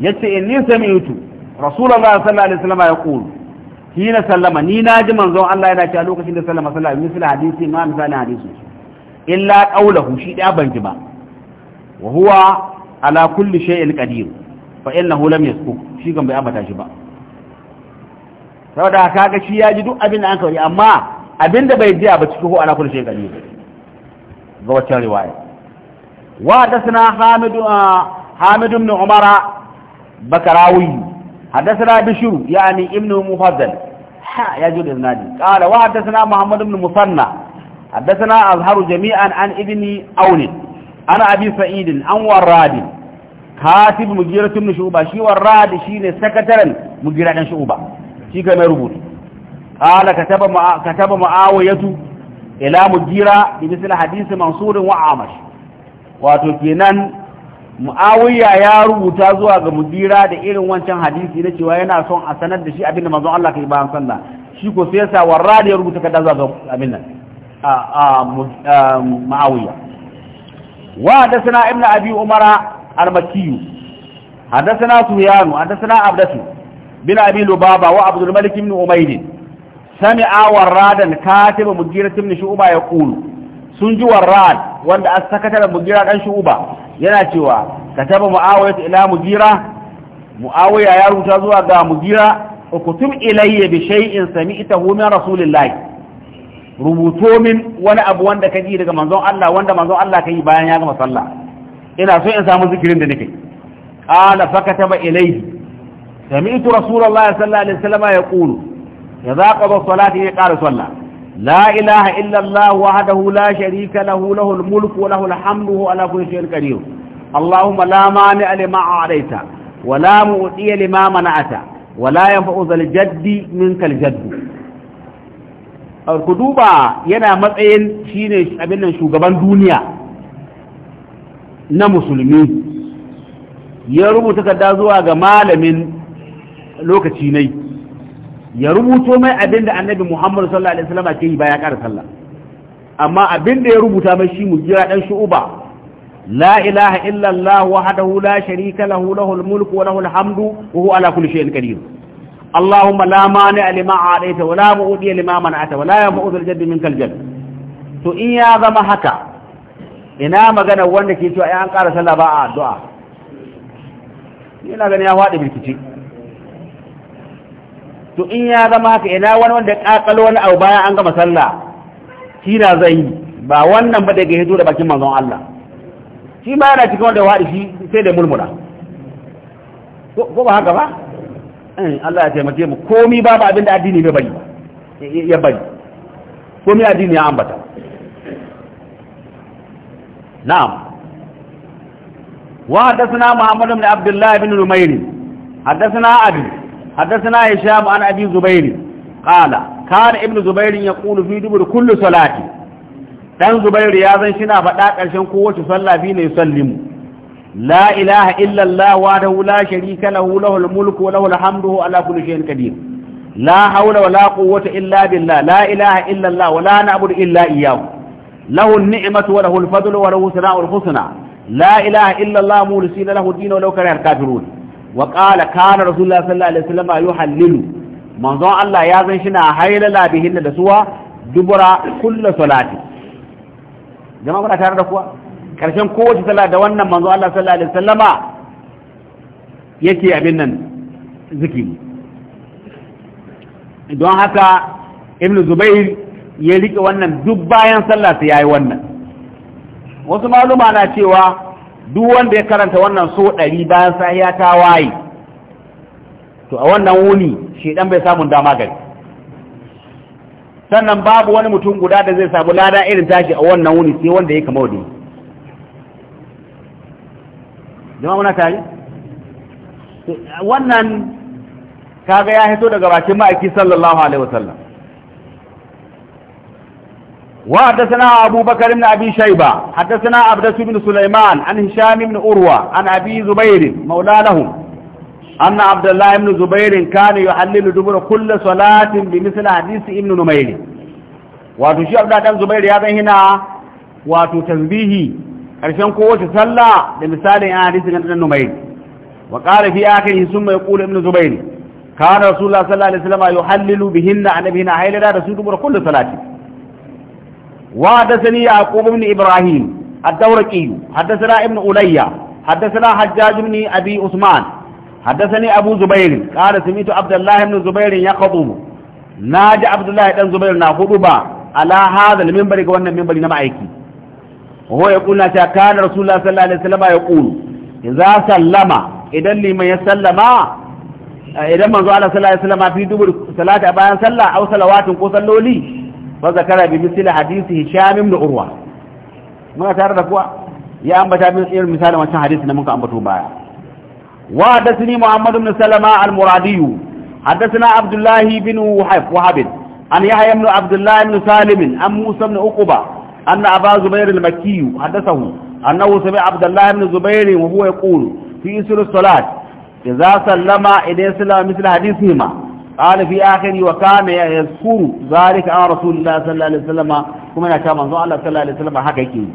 yace inni sami'tu rasulullahi sallallahu alaihi wasallam yaqulu hina sallama ni naji manzon Allah yana cewa lokacin da sallama sallallahu alaihi wasallam hadisi ma misali hadisi illa qawluhu shi da ban ji ba wa huwa ala kulli shay'in qadir fa innahu lam yasku shi kan bai ambata shi ba saboda kaga shi ya ji duk abinda an amma Abin da bai jiya ba cikin ana kullu shay'in qadir ga wacce riwaya wa hadathana hamid uh, hamid ibn umara bakarawi hadathana bishru yani ibn mufaddal ha ya ji da nadi qala wa hadathana muhammad ibn musanna hadathana azharu jami'an an ibni aun ana abi sa'id an waradi katib mujiratu ibn shuba shi waradi shine sakataren mujiratan shuba shi ga mai rubutu ƙala ka taba ma'awo ya tu ilamu jira da misali hadisi mansurin wa'amash wato kenan ma'awiyya ya rubuta zuwa ga mujira da irin wancan hadisi na cewa yana son a sanar da shi abinda mazan Allah ka yi bayan sannan shi ko sai sa warra da ya rubuta kada zuwa ga abin nan ma'awiyya wa hadasana ibnu abi umara al-makkiyu hadasana suyanu hadasana abdatu bin abi lubaba wa abdul malik ibn umayd sami'a warradan katiba mugira ibn shu'ba ya kulu sun ji warrad wanda as sakataren mugira dan Shu'uba. yana cewa kataba muawiyah ila mugira muawiya ya rubuta zuwa ga mugira ukutub ilayya bi shay'in sami'tahu min rasulillahi rubuto min wani abu wanda ka ji daga manzon Allah wanda manzon Allah ka yi bayan ya gama sallah ina so in samu zikirin da nake qala fakataba ilayhi sami'tu rasulullahi sallallahu alaihi wasallam yaqulu Ya kaza qada salati ya qara salla la ilaha illa hada wahdahu la sharika lahu lahu almulku wa lahu alhamdu wa la kulli shay'in qadir allahumma la mani alima alayta wa la mu'ti lima mana'ata wa la yanfa'u zal jaddi minka aljaddu alquduba yana matsayin shine abinnan shugaban duniya na musulmi ya rubuta kadda zuwa ga malamin lokaci ne ya rubuto mai abin da annabi Muhammadu sallallahu alaihi wasallam ke yi baya kara sallah amma abin da ya rubuta mai shi mujira dan shu'uba la ilaha illa Allah wahdahu la sharika lahu lahul mulku wa lahul hamdu wa huwa ala kulli shay'in qadir اللهم لا مانع لما عاديت ولا مؤدي manata, منعت ولا ينفع ذا الجد منك الجد to in ya zama haka ina magana wanda ke cewa ai an ƙara sallah ba a addu'a ina ganin ya faɗi birkici to in ya zama haka ina wani wanda kakalo wani abu bayan an gama sallah shi na zai yi ba wannan ba daga hito da bakin manzon Allah shi ma yana cikin wanda waɗi shi sai da mulmula ko ba haka ba eh, Allah ya taimake mu komi ba abin da addini ne bari ya bari komi addini ya ambata na'am wa hadathana Muhammadu ibn Abdullah ibn Numayr hadathana Abi حدثنا هشام عن أبي زبير قال كان ابن زبير يقول في دبر كل صلاة دان زبير يا زين شنا فدا قرشن كوwace sallah bi ne yusallimu la ilaha illallah allah wahdahu la sharika lahu lahul mulku wa lahul hamdu ala kulli shay'in qadir la hawla wa la quwwata illa billah la ilaha illallah allah wa la na'budu illa iyyahu lahu an-ni'matu wa lahu al-fadlu wa lahu sana'ul husna la ilaha illallah allah mulisina lahu ad-din wa law kana al-kafirun wa qala kana rasulullah sallallahu alaihi wasallam yuhallilu manzon Allah ya zan shina haylala bihinna da suwa dubura kullu salati jama'a muna tare da kuwa karshen kowace sallah da wannan manzo Allah sallallahu alaihi wasallama yake abin nan zikiri don haka ibn zubair ya rike wannan duk bayan sallah sai yayi wannan wasu maluma na cewa duk wanda ya karanta wannan so ɗari bayan sahiya ta waye to a wannan wuni shi dan bai samun dama gari sannan babu wani mutum guda da zai samu lada irin tashi a wannan wuni sai wanda ya kama wani jama'a muna tare wannan kaga ya hito daga bakin ma'aiki sallallahu alaihi wasallam وحدثنا أبو بكر بن أبي شيبة حدثنا عبدس بن سليمان عن هشام بن أروى عن أبي زبير مولى لهم أن عبد الله بن زبير كان يحلل دبر كل صلاة بمثل حديث ابن نمير wato shi abda zubair ya zan hina wato tasbihi ƙarshen kowace sallah da misalin ya hadisi na dan numayl wa qala fi akhirhi summa yaqul ibn zubair kana rasulullah sallallahu alaihi wasallam yuhallilu bihinna annabi hina haylada da su وحدثني يعقوب بن إبراهيم الدورقي حدثنا ابن أولي حدثنا حجاج بن أبي عثمان حدثني أبو زبير قال سميت عبد الله بن زبير يخطب ناجي عبد الله بن زبير نخطبا على هذا المنبر قوانا المنبر نمعيكي وهو يقول ناشا كان رسول الله صلى الله عليه وسلم يقول إذا سلم إذا لمن يسلم إذا منذ الله صلى الله عليه وسلم في دبر صلاة أبان صلى أو صلوات قصلوا لي wa zakara bi misali hadisi hisham ibn urwa muna tare da kuwa ya ambata min irin misalin wancan hadisi da muka ambato baya wa hadathani muhammad ibn salama al-muradi hadathana abdullah ibn wahab wahab an yahya ibn abdullah ibn salim an musa ibn uquba anna aba zubair al-makki hadathahu annahu sami abdullah ibn zubair wa huwa yaqulu fi isr as-salat idza sallama ilayhi sallama mithla hadithihima قال في آخر وكان يذكر ذلك عن رسول الله صلى الله عليه وسلم كما كان منظر الله صلى الله عليه وسلم حكيكي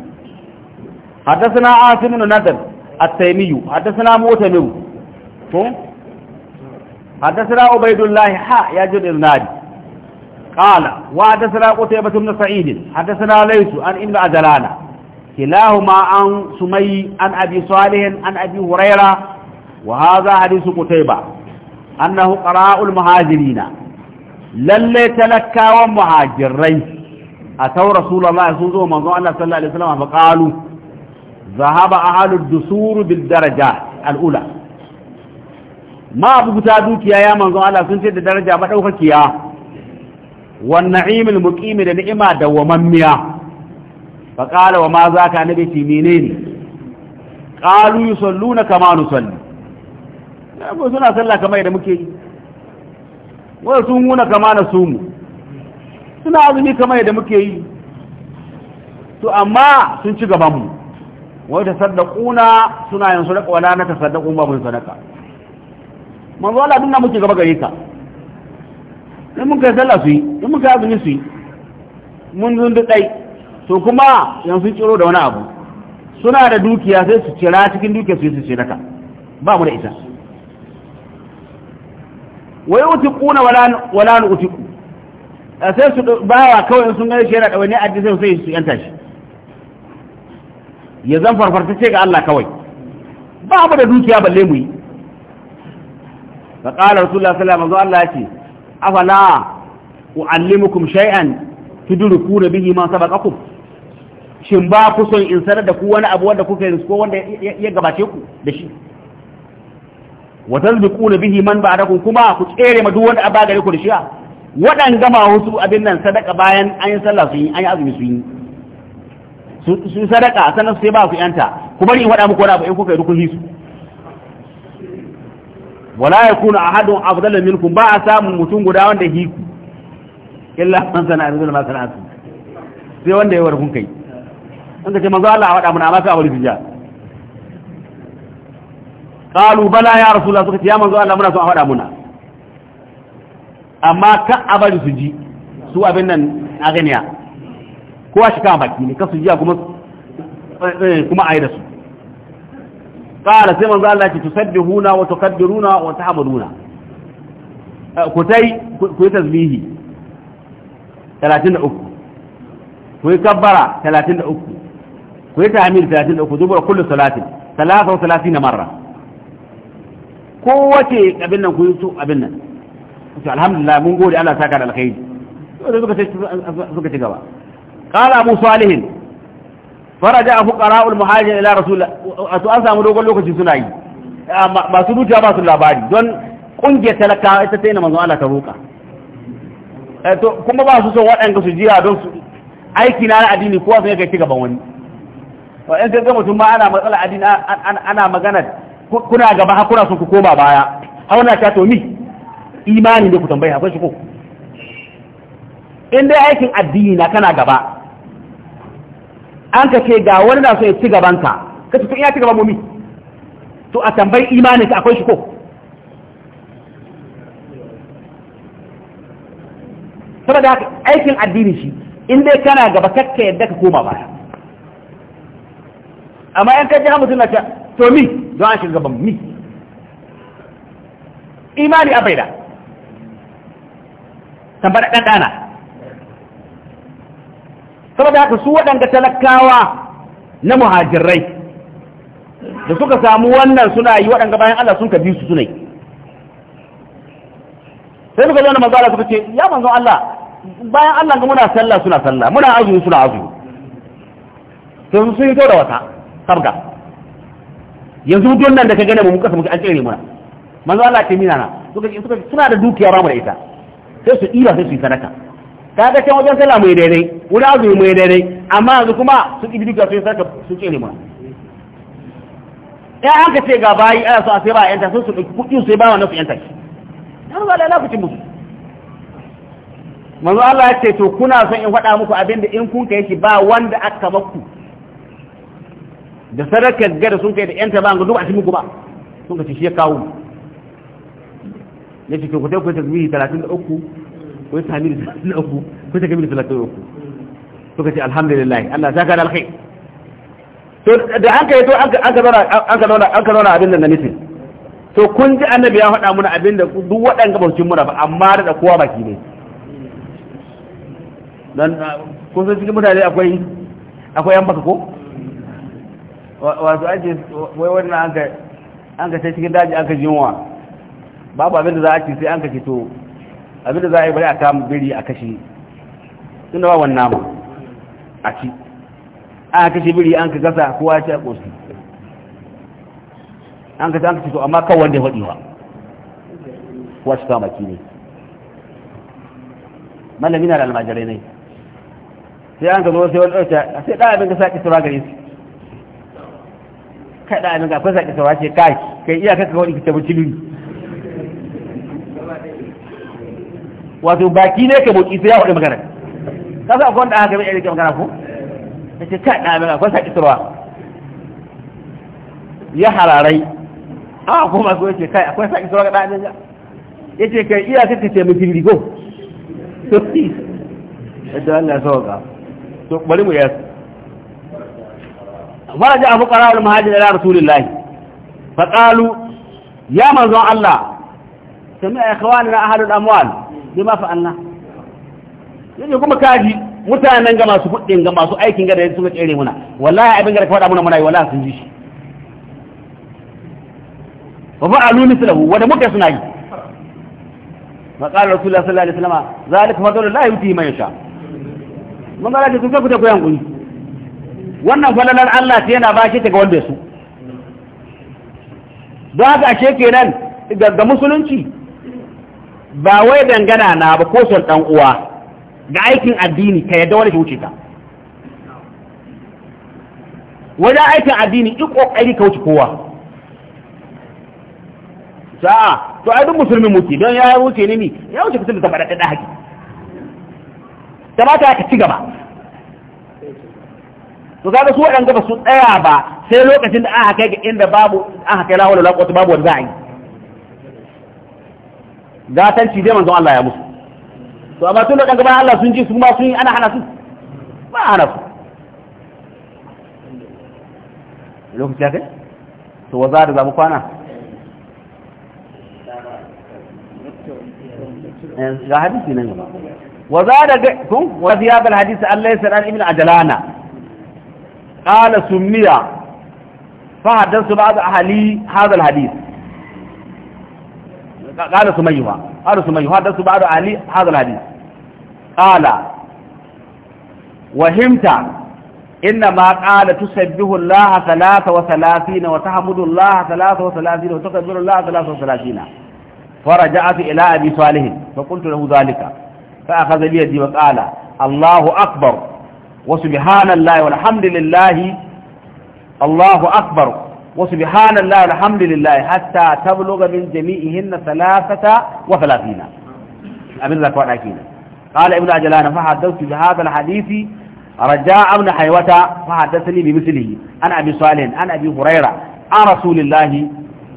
حدثنا عاصم بن ندر التيمي حدثنا موتنم حدثنا عبيد الله حا يجد النادي قال وحدثنا قتيبة بن سعيد حدثنا ليس عن ابن عجلان كلاهما عن سمي عن أبي صالح عن أبي هريرة وهذا حديث قتيبة annahu qara'ul muhajirina lalle talakawan muhajirai a tau rasulullahi sun zo manzon Allah sallallahu alaihi wasallam fa qalu zahaba ahlud dusur bil daraja al'ula ma abubuta dukiya ya manzon Allah sun ce da daraja ba daukakiya wan na'imul muqimi da ni'ima da dawamammiya fa qala wa ma zaka nabi ti menene qalu yusalluna kama nusalli ko suna sallah kamar da muke yi wai sun wuna kama na sumu suna azumi kamar da muke yi to amma sun ci gaban mu wai ta sadaquna suna yin sadaqa wala na tasaddaqu ba mun sadaka wala Allah na muke gaba gare ka in mun kai sallah su yi in mun kai azumi su yi mun zun da dai to kuma yanzu ciro da wani abu suna da dukiya sai su cira cikin dukiya su yi su ka ba mu da ita wai kuna wala wala a sai su bawa kawai sun gani shi yana da wani addini sai su yanta shi ya zan farfarta ce ga Allah kawai ba mu da dukiya balle mu yi fa qala rasulullah sallallahu alaihi wasallam Allah ce afala uallimukum shay'an tudrikuna bihi ma sabaqakum shin ba ku son in sanar da ku wani abu wanda kuka yi ko wanda ya gabace ku da shi wa tasbiquna bihi man ba'dakum kuma ku tsere ma duk wanda a bagare ku da shi'a wadan gama wasu abin nan sadaka bayan an yi sallah sun yi an yi azumi sun yi su sadaka sannan sai ba ku yanta ku bari in wada muku wani abu in kuka yi rukun hisu wala yakunu ahadun afdala minkum ba a samun mutum guda wanda hiku illa man sana arzul ma sana'atu sai wanda ya warkun kai an ka ce manzo Allah a wada mun amma sai a wuri sujja قالوا بلا يا رسول الله سكت يا من زو الله منا سو هذا منا أما كعبة سجى سو أبننا أغنيا كواش كعبة كني كسجى كم كم أي رسول قال سيما زو الله تسبحونا وتقدرونا وتحمدونا كتاي كتاي تزبيه ثلاثين أكو كتاي كبرة ثلاثين أكو كتاي تعمير ثلاثين أكو دبر كل ثلاثين ثلاثة وثلاثين مرة kowace abin nan kun su abin nan to alhamdulillah mun gode Allah saka da alkhairi to suka ce suka ci gaba qala abu salih faraja fuqara'ul muhajir ila rasul to an samu dogon lokaci suna yi ah, masu dukiya ba su labari don kungiyar talaka ita ta yi na manzon Allah ta roka eh, to kuma ba su son waɗanda su jira don su aiki na addini kowa sun kai ci gaban wani wa in ka ga mutum ma ana matsala addini ana magana kuna gaba kuna sun ku koma baya hauna ta to mi imani ne ku tambayi akwai shi ko in dai aikin addini na kana gaba an ka ce ga wani na so ya ci gaban ka ka ci ya ci gaban mumi to a tambayi imanin ka akwai shi ko saboda aikin addini shi in dai kana gaba kakka yadda ka koma baya amma yan kaji hamsin na ta to mi don ake gaban mi imani a baida tambar dan dana saboda haka su waɗanda talakawa na muhajirai da suka samu wannan suna yi waɗanda bayan Allah sun ka bi su suna yi sai suka zo da manzo suka ce ya manzo Allah bayan Allah ga muna sallah suna sallah muna azumi suna azumi to sun yi to da wata sabga yanzu don nan da ka gane mu kasa muke an tsere muna manzo Allah ce mina na suka ce suna da dukiya ba mu da ita sai su ira sai su yi sadaka kaga can wajen sallah mai daidai wuri azumi mai daidai amma yanzu kuma su ki dukiya sai sadaka su tsere mu ya an ka ce ga bayi ana so a sai ba a yanta sun su ɗauki kuɗi sai ba wa nasu yanta ki dan ba da lokacin musu manzo Allah ya ce to kuna son in faɗa muku abinda in kun kai yake ba wanda aka maku da sadakar gada sun kai da yanta ba ga duk a cikin ku ba sun ka ci shi ya kawo ne cikin ku ta ku tasbihi 33 ku tahmid 33 ku ta kamil 33 ka ce alhamdulillah Allah saka da alkhair to da an kai to an ka zauna an ka zauna an ka zauna abin da na mitin to kun ji annabi ya faɗa muna abin da duk waɗanda ba su muna ba amma da kowa baki ne dan kun san cikin mutane akwai akwai yan baka ko wato ake wai wannan an ka ta cikin daji an ka jinwa babu abinda za a ci sai an ka fito abinda za a yi bari a kama biri a kashe inda wawan nama a ci an kashe biri an ka gasa kowa ce a ƙosi an ka ta an ka fito amma kan wanda ya faɗiwa kowa shi kama ki ne malami na da almajirai ne sai an ka zo sai wani ɗauka sai ɗaya abin ka sa ƙi tura gare su kada ne ga fasa kisa wace kai kai iya kaka wani kita ne wato baki ne ka boki sai ya faɗi magana kasa akwai wanda aka gami yake magana ko yace kada ne ga fasa wa ya hararai a ko masu yace kai akwai sa kisa wa ga dan yace kai iya kaka ce mutum ne go to da Allah sauka to bari mu yasa faraja fuqara al muhajir ila rasulillah fa qalu ya manzon Allah sami ikhwanina ahadu al amwal bima fa'alna yaje kuma kaji mutanen ga masu kuɗin ga masu aikin ga da suka tsere muna wallahi abin ga da faɗa muna muna wallahi sun ji shi wa fa'alu mithlahu wa da muka suna yi fa qala sallallahu alaihi wasallam zalika fadlullah yuti man yasha mun ga da kuka ta koyan kuni wannan falalar Allah ta yana bashi ta ga wanda su ba haka ashe kenan ga musulunci ba wai dangana na ba ko son dan uwa ga aikin addini ka yadda wani wuce ka wajen aikin addini in kokari ka wuce kowa sa'a to ai duk musulmin muke don ya wuce ne ni ya wuce kusa da tabbata da haƙi ta ba ta ci gaba to kaga su wadanda ba su tsaya ba sai lokacin da aka kai ga inda babu aka kai lawo lahawar lakwata babu wanda za a san ci dai manzon Allah ya musu to amma tun da kan ba Allah sun ji su ma sun yi ana hana su ba ana su lokaci ya to wazar da mu kwana ga hadisi nan ba wazar da kun wazi ya bal hadisi Allah ya sanar ibn ajalana ƙala sumiya fahadar su ba su ahali hazal hadis ƙala su mayuwa ƙala su mayuwa fahadar su ba su ahali wahimta inna ma ƙala tu sabbihu Allah talata wa talatina wa tahmudu Allah talata wa talatina wa tukabbiru Allah talata wa talatina faraja'atu ila abi salih fa qultu lahu dhalika fa akhadha bi yadi Allahu akbar وسبحان الله والحمد لله الله أكبر وسبحان الله والحمد لله حتى تبلغ من جميعهن ثلاثة وثلاثين أبن ذاك وعلاكين قال ابن أجلان فحدثت بهذا الحديث رجاء ابن حيوة فحدثني بمثله عن أبي صالح عن أبي هريرة عن رسول الله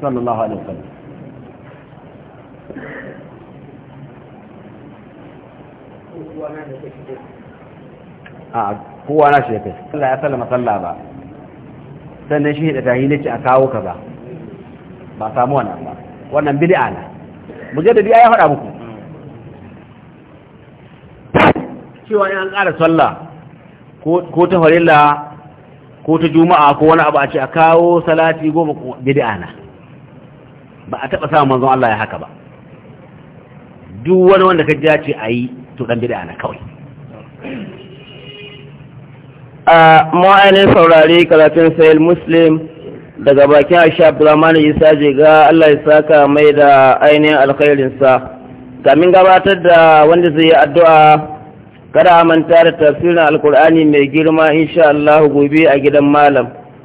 صلى الله عليه وسلم Thank you. a kowa na shi kai Allah ya sallama sallah ba sannan shi da tahi ce a kawo ka ba ba samu wannan ba wannan bid'a ne mujaddidi ya faɗa muku cewa in an ƙara sallah ko ta farilla ko ta juma'a ko wani abu a ce a kawo salati goma bid'a ne ba a taɓa samun manzon Allah ya haka ba duk wani wanda ka ji ya ce ayi to dan bid'a ne kawai a ma'anin saurari karatun sayil muslim daga bakin aisha abdulrahman isa jiga allah ya saka mai da ainihin alkhairinsa kamin gabatar da wanda zai yi addu'a kada manta da tafsirin alkur'ani mai girma insha Allah gobe a gidan malam